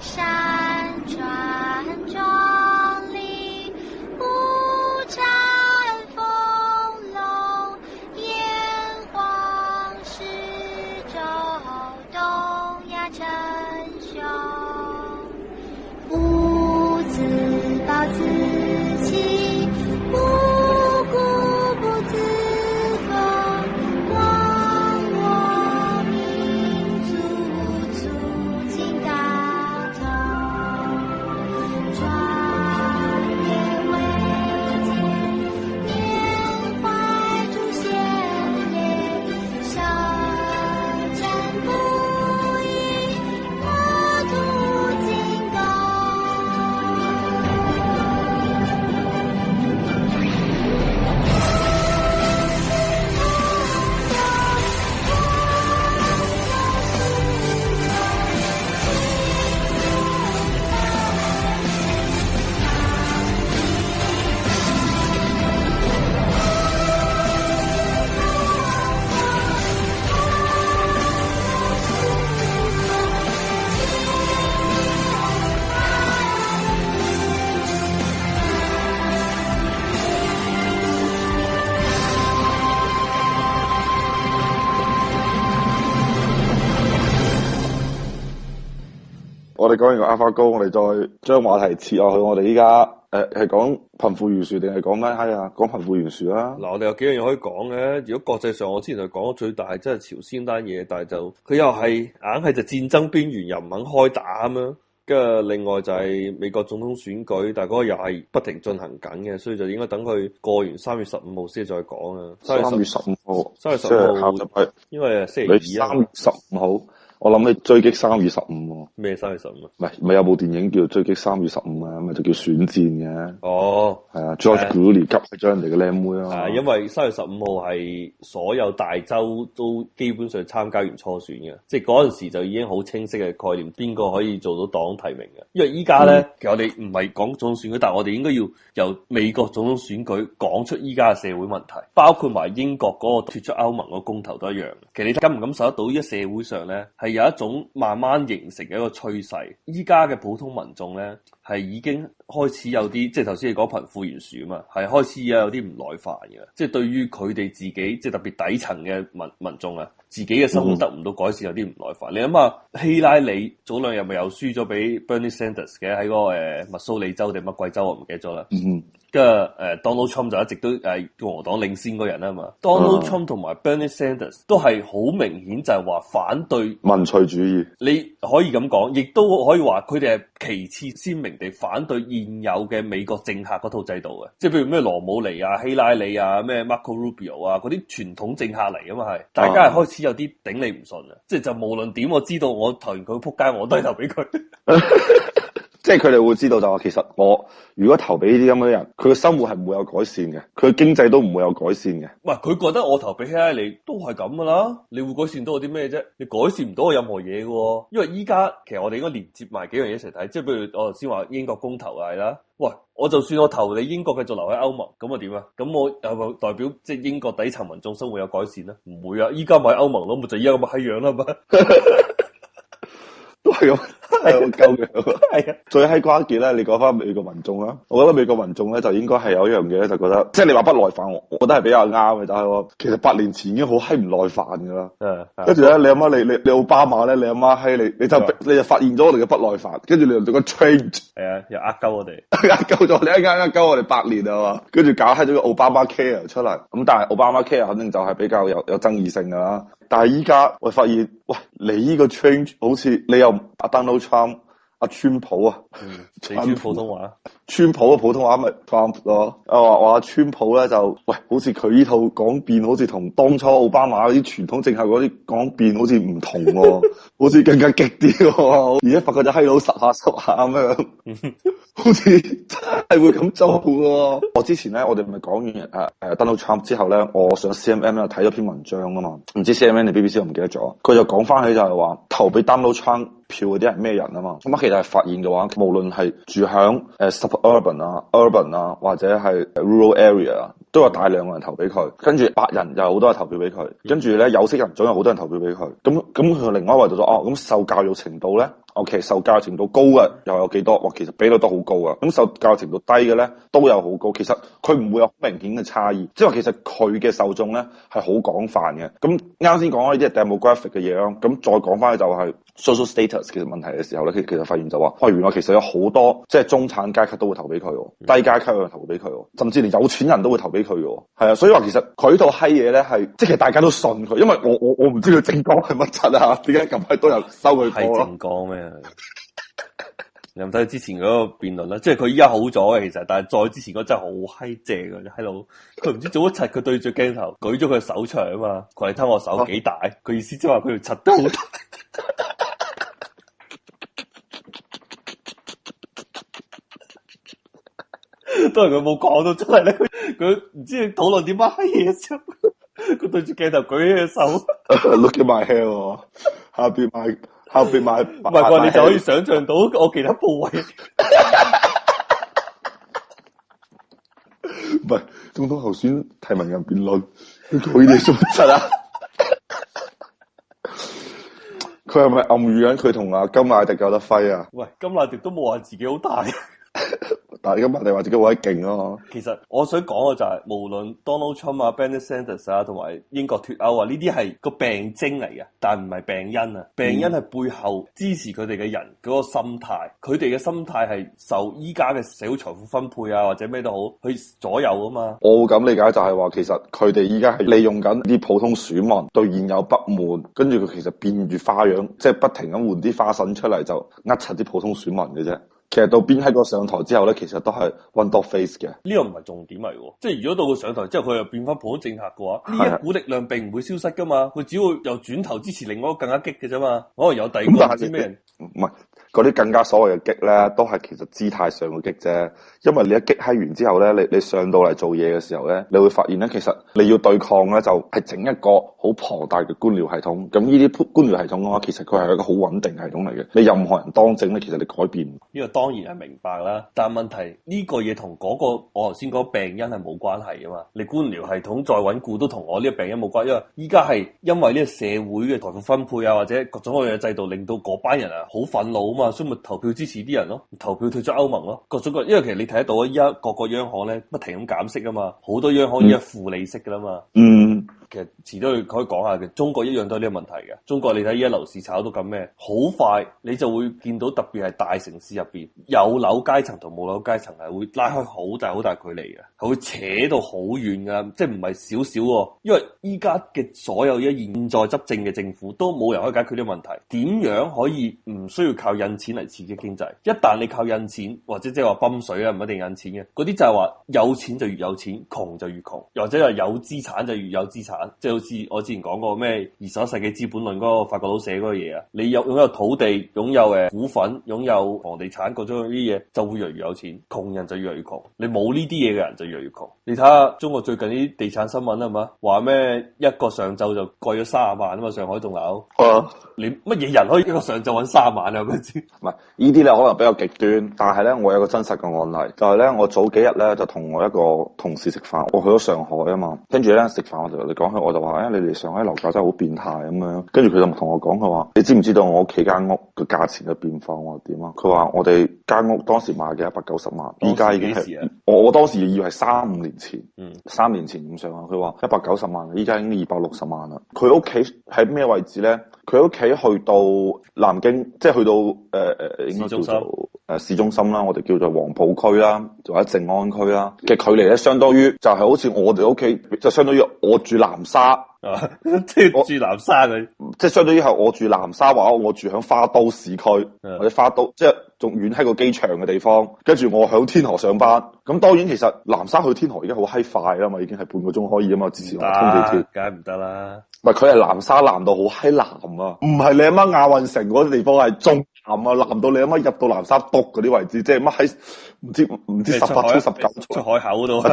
沙。我哋講完個阿花高，我哋再將話題切落去。我哋而家誒係講貧富懸殊定係講咩？係呀，講貧富懸殊啦。嗱、啊，我哋有幾樣嘢可以講嘅。如果國際上，我之前就講最大即真係朝鮮單嘢，但係就佢又係硬係就戰爭邊緣又唔肯開打咁樣。跟住另外就係美國總統選舉，但係嗰個又係不停進行緊嘅，所以就應該等佢過完三月十五號先再講啊。三月十五號，三月十五號，因為星期二，三月十五號。我諗起追擊三月十五喎。咩三月十五？唔係，唔係有部電影叫《追擊三月十五》啊，咪就叫選戰嘅啊。哦。係 George Giuliani 吸引咗人哋嘅靚妹啊，因為三月十五號係所有大洲都基本上參加完初選嘅，即係嗰陣時就已經好清晰嘅概念，邊個可以做到黨提名嘅。因為依家咧，其實我哋唔係講總選舉，但係我哋應該要由美國總統選舉講出依家嘅社會問題，包括埋英國嗰個脫出歐盟個公投都一樣。其實你感唔感受得到，依家社會上咧係有一種慢慢形成嘅一個趨勢。依家嘅普通民衆咧係已經開始有啲，即係頭先你講貧富。懸殊啊嘛，係開始啊，有啲唔耐煩嘅，即係對於佢哋自己，即係特別底層嘅民民眾啊。自己嘅生活得唔到改善，嗯、有啲唔耐煩。你諗下，希拉里早兩日咪又輸咗俾 Bernie Sanders 嘅喺、個誒密、呃、蘇里州定乜鬼州，我唔記得咗啦。跟、嗯、住、呃、Donald Trump 就一直都誒共、呃、和黨領先嗰人啊嘛。Donald Trump 同埋 Bernie Sanders 都係好明顯就係話反對民粹主義，你可以咁講，亦都可以話佢哋係其次鮮明地反對現有嘅美國政客嗰套制度嘅，即係譬如咩羅姆尼啊、希拉里啊、咩 Marco Rubio 啊嗰啲傳統政客嚟啊嘛係，大家係開始。有啲頂你唔順啊！即係就無論點，我知道我投完佢撲街，我都係投俾佢。即係佢哋會知道就話，其實我如果投俾呢啲咁嘅人，佢嘅生活係唔會有改善嘅，佢嘅經濟都唔會有改善嘅。喂，佢覺得我投俾希拉里都係咁噶啦，你會改善到我啲咩啫？你改善唔到我任何嘢喎、哦！因為依家其實我哋應該連接埋幾樣嘢一齊睇，即係譬如我頭先話英國公投係啦。喂，我就算我投你英國繼續留喺歐盟，咁啊點啊？咁我係咪代表即係英國底層民眾生活有改善咧？唔會啊！依家咪歐盟咯，咪就依家咁閪樣啦，嘛？都係咁。係好鳩嘅，係啊！最閪關鍵咧，你講翻美國民眾啦，我覺得美國民眾咧就應該係有一樣嘢，咧，就覺得，即係你話不耐煩，我覺得係比較啱嘅。但、就、係、是、我其實八年前已經好閪唔耐煩噶啦，嗯，跟住咧，你阿媽你你你奧巴馬咧，你阿媽閪你，你就，你，就，你，就你又發現咗我哋嘅不耐煩，跟住你又做個 change，係啊，又呃鳩我哋，呃鳩咗你一間一間一間一間，一呃呃鳩我哋八年啊嘛，跟住搞閪咗個奧巴馬 care 出嚟，咁但係奧巴馬 care 肯定就係比較有有爭議性噶啦，但係依家我發現，喂，你呢個 change 好似你又 d Trump 阿川普啊，普通話。川普嘅普通話咪 Trump 咯。我話阿川普咧就喂，好似佢呢套講變，好似同當初奧巴馬嗰啲傳統政客嗰啲講變好似唔同，好似更加激啲、啊。而家發覺隻閪佬十下十下咩，好似真係會咁做嘅、啊。我之前咧，我哋唔係講完誒誒 Donald Trump 之後咧，我上 C N N 又睇咗篇文章啊嘛，唔知 C N N 你 B B C 我唔記得咗。佢就講翻起就係、是、話投俾 Donald Trump。票嗰啲係咩人啊嘛？咁啊，其實係發現嘅話，無論係住響 suburban 啊、urban 啊，或者係 rural area 啊，都有大量嘅人投俾佢。跟住白人又好多人投票俾佢，跟住咧有色人種有好多人投票俾佢。咁咁佢另外一位度咗哦。咁受教育程度咧，o、哦、其實受教育程度高嘅又有幾多？哇、哦，其實比率都好高啊。咁受教育程度低嘅咧都有好高。其實佢唔會有明顯嘅差異，即係話其實佢嘅受眾咧係好廣泛嘅。咁啱先講開呢啲 demographic 嘅嘢咯，咁再講翻就係、是。Social status 其實問題嘅時候咧，佢其實發現就話，原來其實有好多即係中產階級都會投俾佢，低階級都會投俾佢，甚至連有錢人都會投俾佢喎。係啊，所以話其實佢呢套閪嘢咧係，即係大家都信佢，因為我我我唔知道政綱係乜柒啊，點解咁快都有收佢？係政綱咩？ 你唔睇之前嗰個辯論啦，即係佢依家好咗其實，但係再之前嗰陣真係好閪正嘅閪佬，佢唔知做乜柒，佢對住鏡頭舉咗佢手長啊嘛，佢係睇我手幾大，佢 意思即係話佢要柒得好。都係佢冇講到出嚟咧，佢佢唔知討論啲乜嘢啫。佢對住鏡頭舉起隻手 ，Look at my hair，下邊買下邊買，唔係啩？你就可以想象到我其他部位。唔 係， 中通頭先提問人辯論，可以嚟督察。佢係咪暗語緊？佢同阿金雅迪有得揮啊？喂，金雅迪都冇話自己好大。嗱，而家乜你話自己好閪勁咯～其實我想講嘅就係，無論 Donald Trump 啊、Bernie Sanders 啊，同埋英國脫歐啊，呢啲係個病徵嚟嘅，但唔係病因啊。病因係背後支持佢哋嘅人嗰個心態，佢哋嘅心態係受依家嘅社會財富分配啊，或者咩都好去左右啊嘛。我會咁理解就係話，其實佢哋依家係利用緊啲普通選民對現有不滿，跟住佢其實變住花樣，即係不停咁換啲花粉出嚟，就呃柒啲普通選民嘅啫。其實到邊喺個上台之後咧，其實都係 one dog face 嘅。呢個唔係重點嚟，即係如果到佢上台之後，佢又變翻普通政客嘅話，呢一股力量並唔會消失噶嘛。佢只會又轉頭支持另外一個更加激嘅啫嘛。可能有第二個，唔知咩人唔係。嗰啲更加所謂嘅激咧，都係其實姿態上嘅激啫。因為你一激喺完之後咧，你你上到嚟做嘢嘅時候咧，你會發現咧，其實你要對抗咧，就係整一個好龐大嘅官僚系統。咁呢啲官僚系統嘅話，其實佢係一個好穩定系統嚟嘅。你任何人當政咧，其實你改變呢個當然係明白啦。但問題呢個嘢同嗰個我頭先講病因係冇關係啊嘛。你官僚系統再穩固都同我呢個病因冇關係，因為依家係因為呢個社會嘅財富分配啊，或者各種各樣嘅制度，令到嗰班人啊好憤怒啊嘛。啊！所以咪投票支持啲人咯，投票退出歐盟咯，各種各，因為其實你睇得到啊，依家各個央行咧不停咁減息啊嘛，好多央行依家負利息噶啦嘛。嗯。嗯其實遲啲都可以講下嘅，中國一樣都係呢個問題嘅。中國你睇依家樓市炒到咁咩？好快你就會見到特別係大城市入邊，有樓階層同冇樓階層係會拉開好大好大距離嘅，係會扯到好遠噶，即係唔係少少喎？因為依家嘅所有嘢，現在執政嘅政府都冇人可以解決呢個問題。點樣可以唔需要靠印錢嚟刺激經濟？一旦你靠印錢，或者即係話泵水啊，唔一定印錢嘅嗰啲就係話有錢就越有錢，窮就越窮，又或者係有資產就越有資產。即係好似我之前講過咩二十一世紀資本論嗰個法國佬寫嗰個嘢啊，你有擁有土地，擁有誒股份，擁有房地產嗰種啲嘢，就會越嚟越有錢，窮人就越嚟越窮，你冇呢啲嘢嘅人就越嚟越窮。你睇下中國最近啲地產新聞係嘛，話咩一個上晝就貴咗卅萬啊嘛，上海棟樓。 你乜嘢人可以一個上晝搵卅萬啊？唔知。唔係呢啲咧可能比較極端，但係咧我有個真實嘅案例，就係咧我早幾日咧就同我一個同事食飯，我去咗上海啊嘛，跟住咧食飯我就同你講。我就話誒、哎，你哋上海樓價真係好變態咁樣，跟住佢就同我講，佢話你知唔知道我家家屋企間屋嘅價錢嘅變化話點啊？佢話我哋間屋當時買嘅一百九十萬，依家已經係我，我當時以為係三五年前，三年前咁上下。佢話一百九十萬，依家已經二百六十萬啦。佢屋企喺咩位置咧？佢屋企去到南京，即係去到誒誒、呃，應該叫做。誒市中心啦，我哋叫做黃埔區啦，或者靜安區啦嘅距離咧，相當於就係好似我哋屋企，就相當於我住南沙，啊，我住南沙嘅，即係相當於係我住南沙話我住響花都市區或者花都，即係仲遠喺個機場嘅地方，跟住我響天河上班。咁當然其實南沙去天河已經好閪快啦嘛，已經係半個鐘可以啊嘛，之前我通地鐵，梗係唔得啦。咪佢係南沙南到好閪南啊？唔係你阿媽，媽亞運城嗰啲地方係中。南啊，南到你乜入到南沙篤嗰啲位置，即係乜喺唔知唔知十八層十九層。出海,海口嗰度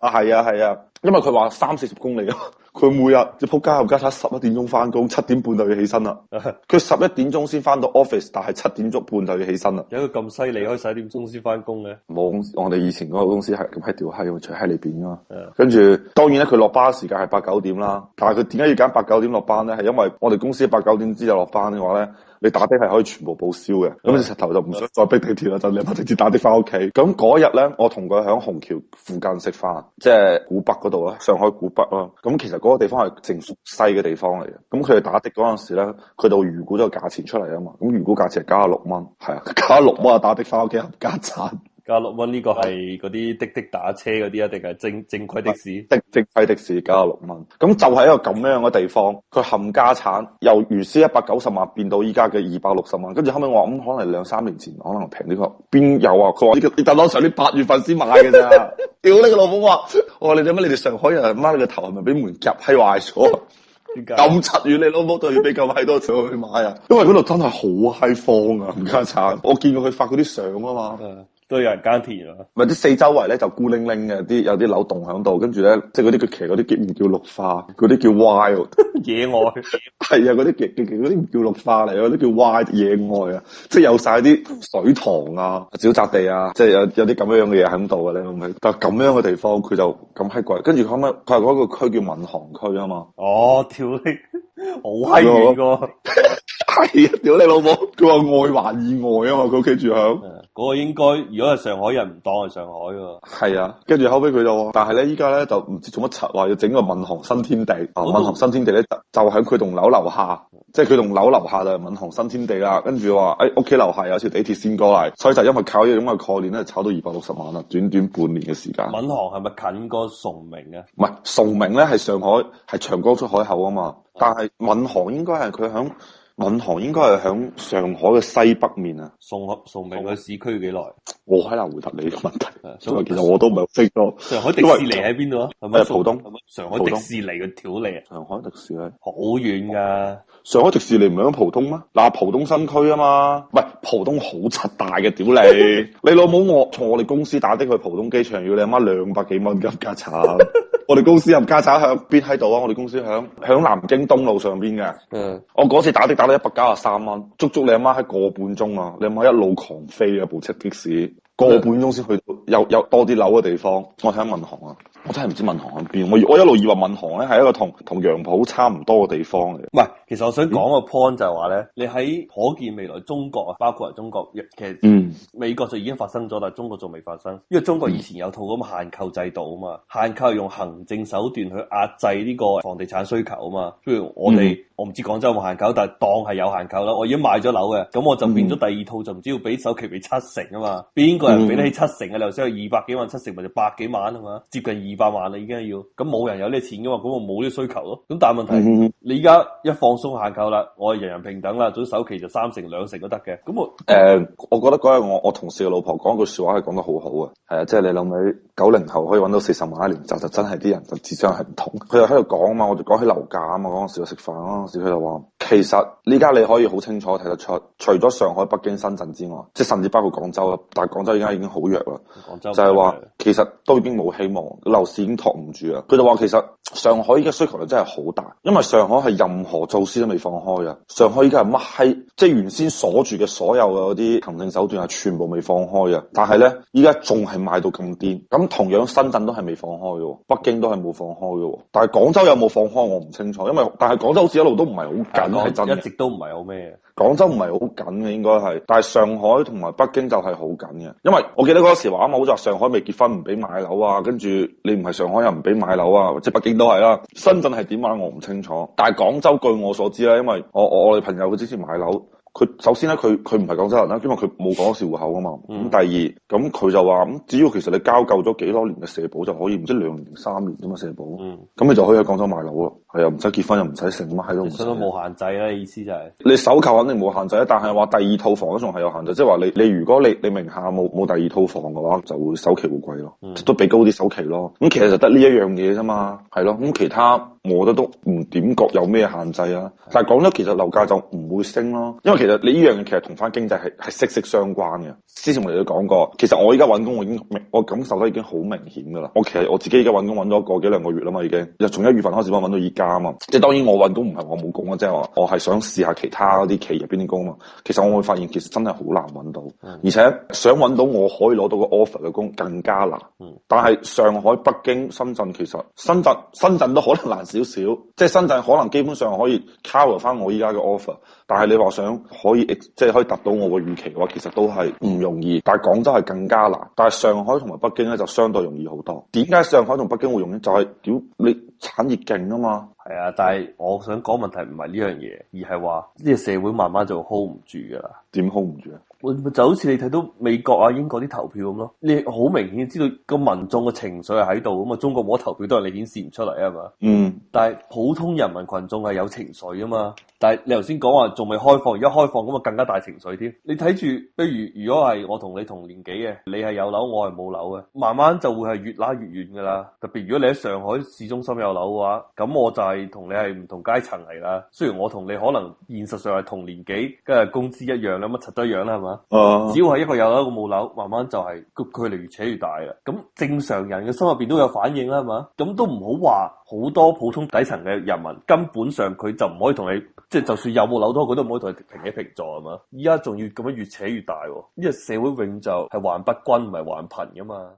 啊，係啊係啊，因為佢話三四十公里咯。佢每日即係仆街又加差十一點鐘翻工，七點半就要起身啦。佢十一點鐘先翻到 office，但係七點鐘半就要起身啦。有佢咁犀利，可以十一點鐘先翻工嘅？冇我哋以前嗰個公司係咁喺屌閪，除閪裏邊噶嘛。跟住、啊，當然咧，佢落班時間係八九點啦。但係佢點解要揀八九點落班咧？係因為我哋公司八九點之後落班嘅話咧。你打的係可以全部報銷嘅，咁你石頭就唔想再逼地鐵啦， 你就兩蚊直接打的翻屋企。咁嗰日咧，我同佢喺虹橋附近食飯，即係古北嗰度啊，上海古北咯。咁其實嗰個地方係淨西嘅地方嚟嘅。咁佢哋打的嗰陣時咧，佢就預估咗個價錢出嚟啊嘛。咁預估價錢係加六蚊，係啊，加六蚊啊， 就打的翻屋企冚家鏟。加六蚊呢個係嗰啲滴滴打車嗰啲一定係正正規的士？正正規的士加六蚊，咁就係一個咁樣嘅地方。佢冚家產由原先一百九十萬變到依家嘅二百六十萬，跟住後尾我話，咁、嗯、可能兩三年前可能平啲、呢個，邊有啊？佢話呢個，但係嗰時候八月份先買嘅咋？屌 你個老母話，我話你點解你哋上海人，媽你個頭係咪俾門夾劈壞咗？咁七月你老母都要俾咁閪多錢去買啊？因為嗰度真係好閪荒啊，冚家產。我見過佢發嗰啲相啊嘛。 都有人耕田啊！唔係啲四周圍咧就孤零零嘅，啲有啲樓棟喺度，跟住咧即係嗰啲佢騎嗰啲叫唔叫綠化？嗰啲叫 wild 野外係啊！嗰啲極啲唔叫綠化嚟，嗰啲叫 wild，野外啊！即係有晒啲水塘啊、沼澤地啊，即係有有啲咁樣樣嘅嘢喺度嘅咧，唔係但係咁樣嘅地方佢就咁閪貴。跟住後屘佢話嗰個區叫民航區啊嘛。哦，屌 你遠，好閪遠個係啊！屌你老母，佢話外環以外啊嘛，佢屋企住響。我、那個、應該，如果係上海人唔當係上海㗎，係啊，跟住後尾佢就，但係咧依家咧就唔知做乜柒話要整個閔行新天地啊！閔、哦、行新天地咧就喺佢棟樓樓下，即係佢棟樓樓下啦，閔行新天地啦。跟住話，誒屋企樓下有條地鐵線過嚟，所以就因為靠呢咁嘅概念咧，就炒到二百六十萬啦，短短半年嘅時間。閔行係咪近過崇明啊？唔係，崇明咧係上海，係長江出海口啊嘛。但係閔行應該係佢響。閔行應該係響上海嘅西北面啊，崇，崇明嘅市區幾耐？我喺度回答你個問題，因為其實我都唔係好識咯。上海迪士尼喺邊度啊？係咪浦東。上海迪士尼嘅，屌你啊！上海迪士尼好遠噶！上海迪士尼唔係響浦東咩？嗱，浦東新區啊嘛，喂，係浦東好七大嘅，屌你！ 你老母，我從我哋公司打的去浦東機場要你阿媽兩百幾蚊噶，賊！ 我哋公司入家宅響邊喺度啊！我哋公司響響南京東路上邊嘅。嗯，我嗰次打的打到一百九十三蚊，足足你阿媽喺個半鐘啊！你阿媽一路狂飛啊，部車的士個半鐘先去到有有多啲樓嘅地方。我睇閔行啊，我真係唔知閔行喺邊。我我一路以為閔行咧係一個同同楊浦差唔多嘅地方嚟嘅。唔係。其實我想講個 point 就係話咧，你喺可見未來中國啊，包括係中國，其實美國就已經發生咗，但係中國仲未發生。因為中國以前有套咁限購制度啊嘛，限購用行政手段去壓制呢個房地產需求啊嘛。譬如我哋，我唔知廣州有冇限購，但係當係有限購啦。我已經買咗樓嘅，咁我就變咗第二套，就唔知要俾首期俾七成啊嘛。邊個人俾得起七成啊？你頭先有二百幾萬七成，咪就百幾萬啊嘛，接近二百萬啦已經係要。咁冇人有呢啲錢嘅話，咁我冇呢啲需求咯。咁但係問題，你而家一放。鬆限購啦，我係人人平等啦，總首期就三成兩成都得嘅。咁我誒，我覺得嗰日我我同事嘅老婆講句話說話係講得很好好啊，係啊，即係你諗起九零後可以搵到四十萬一年賺，就真係啲人嘅智商係唔同。佢又喺度講啊嘛，我就講起樓價啊嘛，講到時候食飯咯，佢就話。其實呢家你可以好清楚睇得出，除咗上海、北京、深圳之外，即甚至包括廣州啦。但係廣州依家已經好弱啦，廣州就係話其實都已經冇希望，樓市已經托唔住啦。佢就話其實上海依家需求量真係好大，因為上海係任何措施都未放開啊。上海依家係乜係，即、就、係、是、原先鎖住嘅所有嘅嗰啲行政手段係全部未放開啊。但係呢，依家仲係賣到咁癲，咁同樣深圳都係未放開嘅，北京都係冇放開嘅。但係廣州有冇放開我唔清楚，因為但係廣州好似一路都唔係好緊。係一直都唔係好咩？廣州唔係好緊嘅，應該係，但係上海同埋北京就係好緊嘅。因為我記得嗰時話啊嘛，好似話上海未結婚唔俾買樓啊，跟住你唔係上海又唔俾買樓啊，即北京都係啦。深圳係點啊？樣我唔清楚。但係廣州據我所知啦，因為我我我女朋友佢之前買樓，佢首先咧佢佢唔係廣州人啦，因為佢冇廣州市戶口啊嘛。咁、嗯、第二咁佢就話咁，只要其實你交夠咗幾多年嘅社保就可以，唔知兩年三年咁嘅社保。咁、嗯、你就可以喺廣州買樓咯。係啊，唔使結婚又唔使成乜，喺度唔使。冇限制啊。意思就係、是。你首購肯定冇限制啊，但係話第二套房都仲係有限制，即係話你你如果你你名下冇冇第二套房嘅話，就會首期會貴咯，嗯、都俾高啲首期咯。咁其實就得呢一樣嘢啫嘛，係咯。咁其他我覺得都唔點覺有咩限制啊。但係講得其實樓價就唔會升咯，因為其實你呢樣嘢其實同翻經濟係係息息相關嘅。之前我哋都講過，其實我而家揾工我已經我感受得已經好明顯噶啦。我其實我自己而家揾工揾咗個幾兩個月啦嘛，已經又從一月份開始我揾到嘛，即係當然我揾到唔係我冇工啊，即係我我係想試下其他嗰啲企業入邊啲工啊嘛。其實我會發現其實真係好難揾到，而且想揾到我可以攞到個 offer 嘅工更加難。嗯，但係上海、北京、深圳其實深圳深圳都可能難少少，即係深圳可能基本上可以 cover 翻我依家嘅 offer，但係你話想可以即係、就是、可以達到我嘅預期嘅話，其實都係唔容易。但係廣州係更加難，但係上海同埋北京咧就相對容易好多。點解上海同北京會容易？就係、是、屌你。產業勁啊嘛！係啊，但係我想講，問題唔係呢樣嘢，而係話呢個社會慢慢就會 hold 唔住噶啦。點 hold 唔住啊？我就好似你睇到美國啊、英國啲投票咁咯，你好明顯知道個民眾嘅情緒係喺度，咁啊中國冇得投票都係你顯示唔出嚟啊嘛。嗯。但係普通人民群眾係有情緒啊嘛。但係你頭先講話仲未開放，而家開放咁啊，更加大情緒添。你睇住，比如如果係我同你同年紀嘅，你係有樓，我係冇樓嘅，慢慢就會係越拉越遠噶啦。特別如果你喺上海市中心有樓嘅話，咁我就係。你是同你係唔同階層嚟啦，雖然我同你可能現實上係同年紀，梗係工資一樣啦，乜柒都一樣啦，係嘛？Uh... 只要係一個有一個冇樓，慢慢就係個距離越扯越大啦。咁正常人嘅心入邊都有反應啦，係嘛？咁都唔好話好多普通底層嘅人民，根本上佢就唔可以同你，即係就算有冇樓都好，佢都唔可以同你平起平坐，係嘛？依家仲要咁樣越扯越大，呢個社會永就係還不均，唔係還貧噶嘛？